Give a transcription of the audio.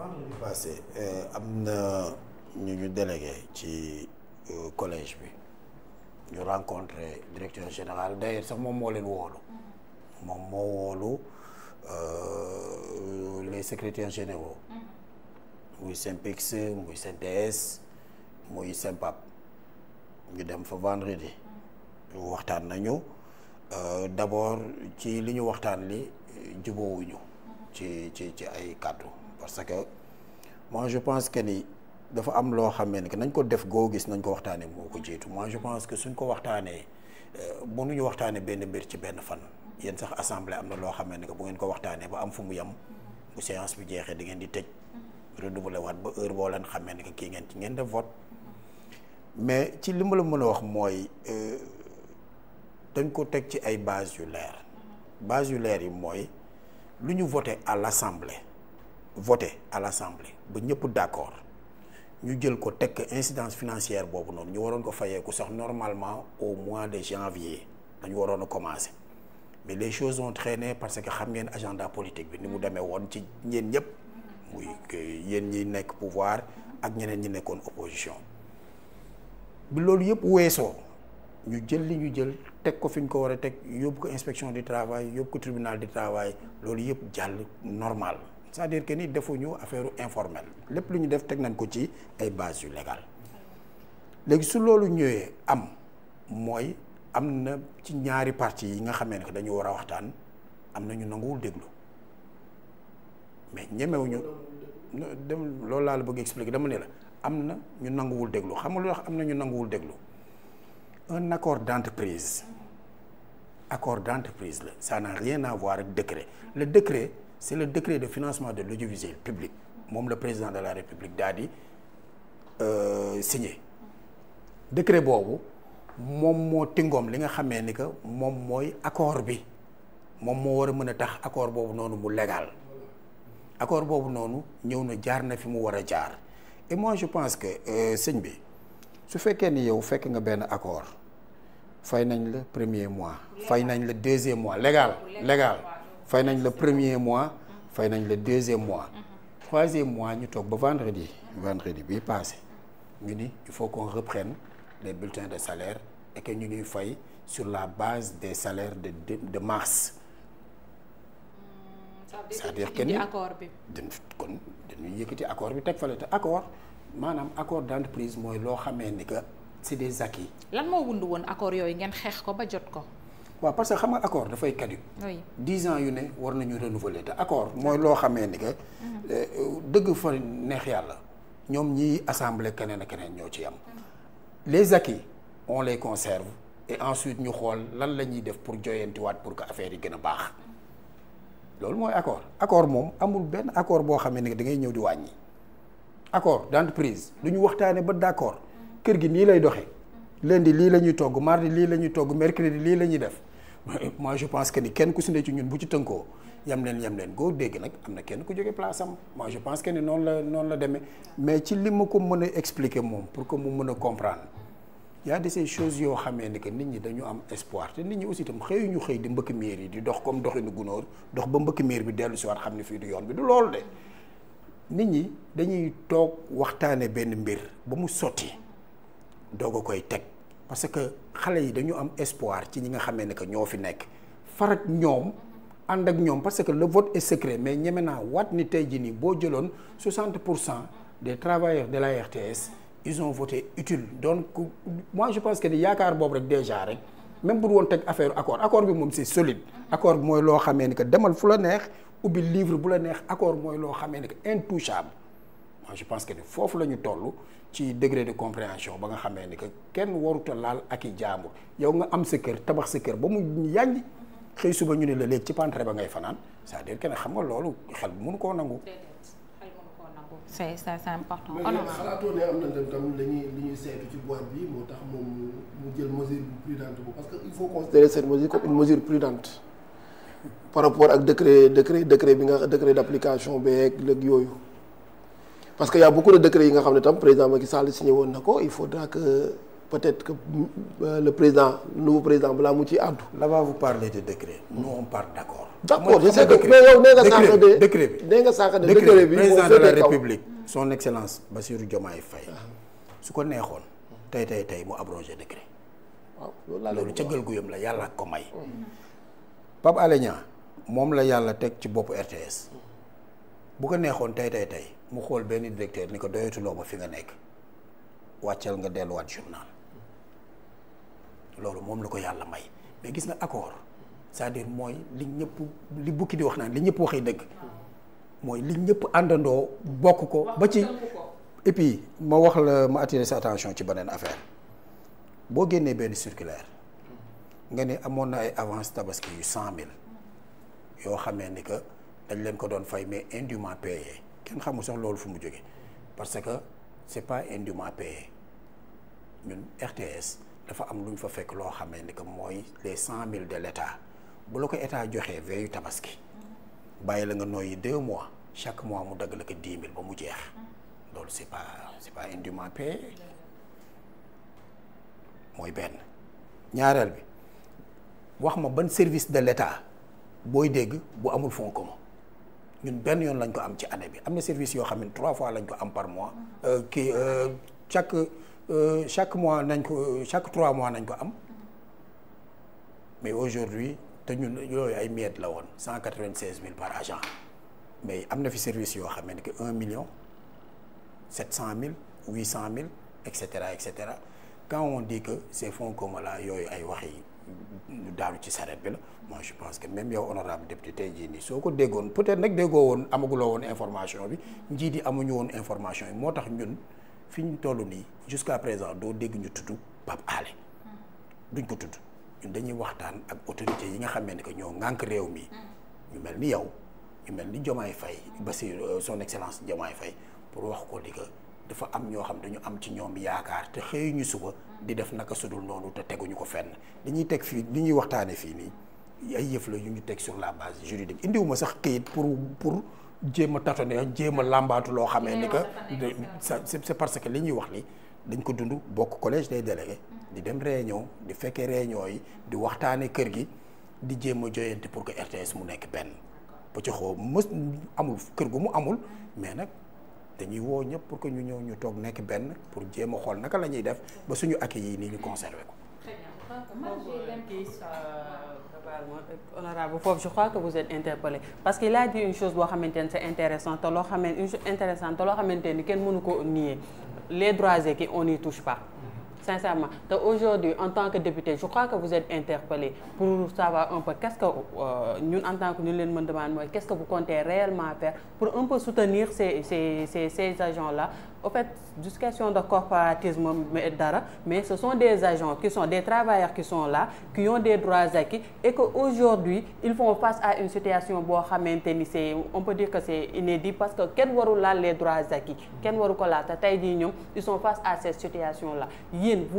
vendredi passé euh, am na ñu ñu délégué ci euh, collège bi ñu rencontré directeur général d'ailleurs sax moom moo leen woolu moom moo woolu euh, les secrétaires généraux mm-hmm. muy SYNPICS muy CNTS muy SYNPAP ñu dem fa vendredi mm-hmm. waxtaan nañu d'abord ci li ñu waxtaan li jubóowuñu mm-hmm. ci ci ci ay kàddu parce que moi je pense que ni dafa am loo xamee ne que nañ ko def goo gis nañ ko waxtaanee moo ko jiitu moi je pense que suñ ko waxtaanee euh, ñu waxtaanee benn mbir ci benn fan yéen sax assemblée am na loo xamee ne que bu ngeen ko waxtaanee ba am fu mu yem bu séance bi jeexee da ngeen di tëj renouvelé waat ba heure boo leen xamee ne que kii ngeen ci ngeen def vote mais ci li ma la mën a wax mooy euh, dañ ko teg ci ay base yu leer base yu leer yi mooy lu ñu voté à l'assemblée voté à l'Assemblée ba ñëpp d'accord ñu jël ko tekk incidence financière boobu noonu ñu waroon ko fayee ko sax normalement au mois de janvier dañu waroon a commencer mais les choses ont traîné parce que xam ngeen agenda politique bi ni mu demee woon ci ñeen ñëpp muy yéen ñi nekk pouvoir ak ñeneen ñi nekkoon opposition bi loolu yëpp weesoo ñu jël li ñu jël teg ko fi ñu ko war a teg yóbbu ko inspection du travail yóbbu ko tribunal du travail loolu yëpp jàll normal c'est-à-dire que ni defuñu affaire informelle lépp lu ñu def teg nañ ko ci ay bases yu légal léegi su loolu ñëwee am mooy am na ci ñaari parti yi nga xamee ne dañu war a waxtaan am na ñu nanguwul déglu mais ñemewuñu dem loolu laa la bëgg expliquer dama ne la am na ñu nanguwul déglu xam nga lu wax am na ñu nanguwul déglu un accord d'entreprise accord d'entreprise la ça n'a rien à voir ak décret le décret c'est le décret de financement de l'audiovisuel public moom la président de la république daa di euh, signé décret boobu moom moo tingoom li nga xamee ni que moom mooy accord bi moom moo war a mën a tax accord boobu noonu mu légal accord boobu noonu ñëw na jaar na fi mu war a jaar et moi je pense que euh, sëñ bi su fekkee ni yow fekk nga benn accord fay nañ la premier mois fay nañ la deuxième mois légal légal fay nañ la premier mois fay nañ le deuxième mois mhm. troisième mois ñu toog ba vendredi vendredi bii passé ñu ni il faut qu'on reprenne les bulletin de salaire et que ñu nuy fay sur la base des salaires de de, de mars mm, c'est-à-dire que ni accord kon dañuy yëkkati accord bi teg fale te accord maanaam accord d'entreprise mooy loo xamee ni que c'est des acquis lan moo wund woon accord yooyu ngeen xeex ko ba jot ko waaw parce que xam nga accord dafay caduc. oui dix ans yu ne war nañu renouveler te accord mooy loo xamee ni que. Mhm. Euh, dëgg fa neex yàlla ñoom ñiy assemblée keneen a keneen ñoo ci am. les acquis on les conserve et ensuite ñu xool lan la ñuy def pour joyantiwaat pour que affaire yi gën a baax loolu mooy accord accord moom amul benn accord boo xamee ni que da ñëw di wàññi. accord d'entreprise lu ñu waxtaanee ba d'accord mhm. kër gi nii lay doxee lundi lii la ñuy togg mardi lii la ñuy togg mercredi lii la ñuy def. moi je pense que ni kenn ku si ne ci ñun bu ci tënkoo yam leen yam leen góor dégg nag am na kenn ku jóge place am moi je pense que ni noonu la noonu la demee mais ci li ma ko mën a expliquer moom pour que mu mën a comprendre y a de ces choses yoo xamee ni que nit ñi dañu am espoir te nit ñi aussi itam xëyuñu xëy di mbëkk miir yi di dox comme doxinu gunóor dox ba mbëkk miir bi dellu si xam ne fii du yoon bi du loolu de nit ñi dañuy toog waxtaane benn mbir ba mu sotti doog koy teg parce que xale yi dañu am espoir ci ñi nga xamee ne que ñoo fi nekk farak ñoom ànd ak ñoom parce que le vote est secret mais ñeme naa waat ni tey jii nii boo jëloon 60 pour cent des travailleurs de la RTS ils ont voté utile donc moi je pense que ni yaakaar boobu rek déjà rek même bu woon teg affaire accord accord bi moom c'est solide. accord mooy loo xamee ne que demal fu la neex ubbi livre bu la neex accord mooy loo xamee ne que intouchable. je pense que ni foofu la ñu toll ci degré de compréhension ba nga xamee ni que kenn waruta laal ak i jaambur yow nga am sa kër tabax sa kër ba mu yànj xëy suba ñu ne la léegi ci pantre ba ngay fanaan c'est-à-dire que xam nga loolu xel mënu koo nangu. c'est ça c'est important. Oh, on a na tam li ñuy li ñuy seetu ci bi moo tax moom mu jël mesure prudente boobu parce que il faut considérer cette mesure comme une mesure prudente par rapport ak décret décret décret bi nga décret d'application beeg léegi yooyu. parce que y' a beaucoup de décrets yi nga xam ne tam président Macky Sall signé na ko il faudra que peut-être que euh, le président le nouveau président balaa mu ciy àddu. là-bas vous parlez de décret. nous on parle d' accord. d' accord je sais nee nga sànq de bi nee nga sànq de bi son excellence Bassirou Diomaye Faye. su ko neexoon. tey tey tey mu abrogé décret. waaw loolu laa ca cëggal guyam la yàlla ko may. Mm. Pape Alé moom la yàlla teg ci boppu RTS. bu ko neexoon tey tey tey mu xool benn directeur ni ko doyatuloo ma fi nga nekk wàccal nga delluwaat journal loolu moom la ko yàlla may mais gis na accord cest à mooy li ñëpp li bukki di wax naan li ñëpp waxee dëgg mooy li ñëpp àndandoo bokk ko ba ci et puis ma wax la ma attirer sa attention ci beneen affaire boo génnee benn circulaire nga ne amoon na ay avance tabaski mille yoo xamee ni que dañ leen ko doon fay mais indûment payé kenn xamul sax loolu fu mu jóge parce que c'est pas indûment payé ñun RTS dafa am lu ñu fa fekk loo xamee ni que mooy les cent mille de l'État bu la ko État joxee veillu tabaski bàyyi la nga nooyi deux mois chaque mois mu dagg la ko dix mille ba mu jeex loolu c'est pas c'est pas indûment mooy benn ñaareel bi wax ma ban service de l'État booy dégg bu amul fonds commun ñun benn yoon lañ ko am ci année bi am na service yoo xam ne trois fois lañ ko am par mois euh, kii euh, chaque euh, chaque mois nañ ko chaque trois mois nañ ko am mais aujourd'hui te ñun yooyu ay miettes la woon cent quatre-vingt-seize mille par agent mais am na fi service yoo xam ne un million sept cent mille huit cent mille et cetera et cetera quand on dit que ces fonds communs là yooyu ay wax yi ñu daanu ci saret bi la moi je pense que même yow honorable député tey jii nii soo ko déggoon peut-être nag déggoo woon amaguloo woon information bi njiit yi amuñu woon information yi moo tax ñun fi ñu toll nii jusqu'à présent doo dégg ñu tudd Pape Alé duñ ko tudd ñun dañuy waxtaan ak autorité yi nga xam ne que ñoo ŋànk réew mi ñu mel ni yow ñu mel ni Diomaye fay ba si euh, son excellence Diomaye Faye pour wax ko di dafa am ñoo xam dañu am ci ñoom yaakaar te xëyuñu suba di def naka sudul noonu te teguñu ko fenn dañuy teg fii li ñuy waxtaane fii nii ay yëf la yu ñu teg sur la base juridique indiwuma sax këyit pour pour jéem a tatone jéem a làmbaatu loo xamee ni que c'est parce que li ñuy wax ni dañ ko dund bokk collège des délégués di dem réunion di fekkee réunion yi di waxtaane kër gi di jéem a joyante pour que RTS mu nekk benn ba ci xoo mës amul kër gu mu amul mais nag dañuy woo ñëpp pour que ñu ñëw ñu toog nekk benn pour jéem xool naka la ñuy def ba suñu accueil yi nii ñu conservé ko. Euh, honorable foofu je crois que parce que il a une chose boo xamante ne c'est intéressant te loo xamante une loo xamante ni kenn mënu ko nier les droits acquis on n'y touche pas. sincèrement te aujourd'hui en tant que député je crois que vous êtes interpellé pour savoir un peu qu'est-ce que euh, ñun en tant que ñu leen mën demande mooy qu'est-ce que vous comptez réellement faire pour un peu soutenir ces agents là au fait du question de corporatisme mais dara mais ce sont des agents qui sont des travailleurs qui sont là qui ont des droits acquis et que aujourd'hui ils font face à une situation boo xamante ni c'est on peut dire que c'est inédit parce que kenn warul la les droits acquis kenn waru ko laal te tey jii ñoom ils sont face à cette situation là yéen